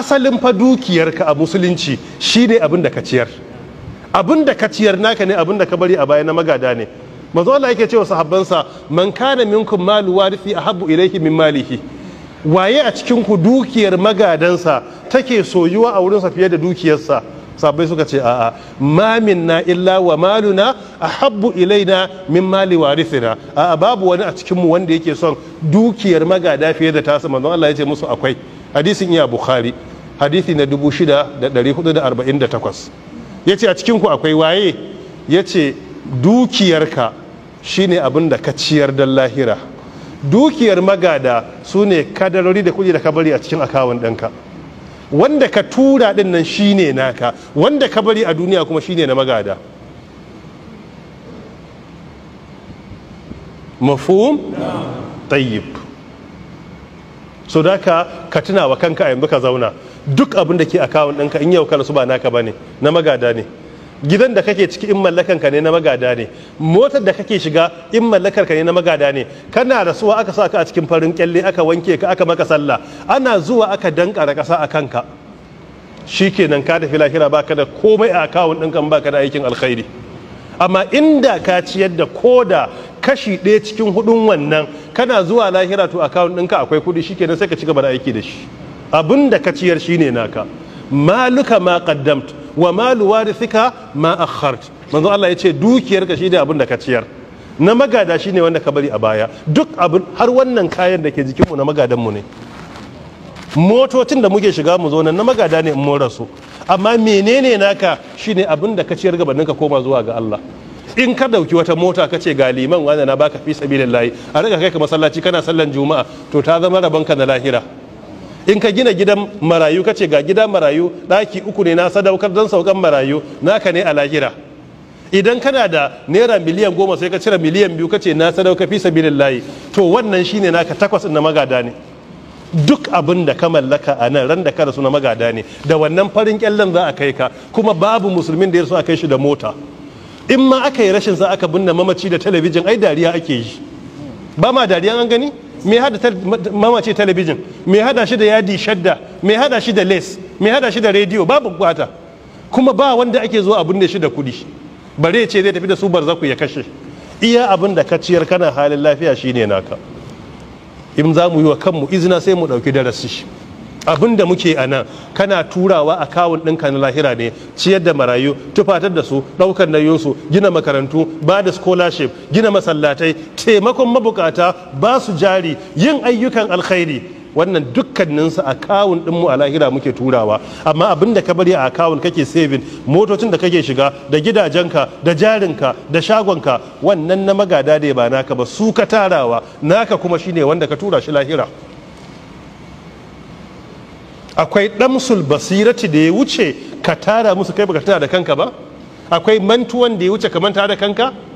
asalin fa dukiyarka a musulunci shine abin da ka ciyar abin da ka ciyar naka ne abin da ka bari a baya na magada ne manzo Allah yake cewa sahabbansa man kana minkum malu warithi ahabbu ilayhi min malihi waye a cikin ku dukiyar magadansa take soyuwa a wurinsa fiye da dukiyarsa sabai suka ce a'a ma minna illa wa maluna ahabbu ilaina min mali warithina a'a babu wani a cikin mu wanda yake son dukiyar magada fiye da tasa manzo Allah ya ce musu akwai hadisin iya bukhari hadithi na 6448 ya ce a cikinku akwai waye ya ce dukiyarka shine abin da ka ciyar don lahira dukiyar magada su ne kadarori da kuɗi da ka bari a cikin akawun ɗanka wanda ka tura ɗin nan shine naka wanda ka bari a duniya kuma shine na magada mafum tayyib so da ka tuna wa kanka a yanzu ka zauna duk abin da ke akawun ɗinka in yau kana su ba naka bane na magada ne gidan da kake ciki in mallakan ka ne na magada ne motar da kake shiga in mallakar ka ne na magada ne kana da rasuwa aka sa ka a cikin farin kyalle aka wanke ka aka maka sallah ana zuwa aka dankara kasa a kanka shikenan ka tafi lahira baka da komai a akawun ɗinka baka da aikin alkhairi amma inda ka ciyar da koda kashi ɗaya cikin hudun wannan kana zuwa lahira to akawun ɗinka akwai kuɗi shikenan sai ka ci gaba da aiki da shi abin da ka ciyar shine naka maluka ma qaddamt wa malu warithika ma akhart manzo Allah ya ce dukiyarka shine abin da ka ciyar na magada shine wanda ka bari a baya duk abin har wannan kayan da ke jikinmu na magadanmu ne motocin da muke shiga mu zo nan na magada ne in mora su amma menene naka shine abin da ka ciyar gabanin ka koma zuwa ga Allah in ka dauki wata mota ka ce ga liman wanda na baka fi sabilillahi a riga kai ka masallaci kana sallan juma'a to ta zama rabon ka na lahira in ka gina gidan marayu ka ce ga gidan marayu ɗaki uku ne na sadaukar don saukan marayu naka ne a lahira idan kana da naira miliyan goma sai ka cire miliyan biyu ka ce na sadauka fi layi. to wannan shine naka takwas na magada ne duk abin da ka mallaka a nan ran da ka rasu na magada ne da wannan farin kyallan za a kai ka kuma babu musulmin da ya so a kai shi da mota in ma aka yi rashin sa aka binne mamaci da talabijin ai dariya ake yi ba ma dariya an gani me hada mamace talabijin mai hada shi da yadi shadda mai hada shi da les mai hada shi da rediyo babu bukata kuma ba wanda ake zo abin da shi da kudi bare ce zai tafi da su barzaku ya kashe iya abin da kaciyar kana halin lafiya shine naka in za mu yi wa kanmu izina sai mu ɗauki darasi abin da muke a nan kana turawa a kawun ɗinka na lahira ne ciyar da marayu tufatar da su ɗaukar nauyinsu gina makarantu ba da scholarship gina masallatai taimakon mabukata ba su jari yin ayyukan alkhairi wannan dukkaninsu a kawun ɗinmu a lahira muke turawa amma abin da ka bari a kawun kake saving motocin da kake shiga da gidajenka da jarinka da shagonka wannan na magada da ba naka ba su ka tarawa naka kuma shine wanda ka tura shi lahira akwai damsul basirati da ya wuce ka tara musu kai baka tara da kanka ba akwai mantuwan da ya wuce ka manta da kanka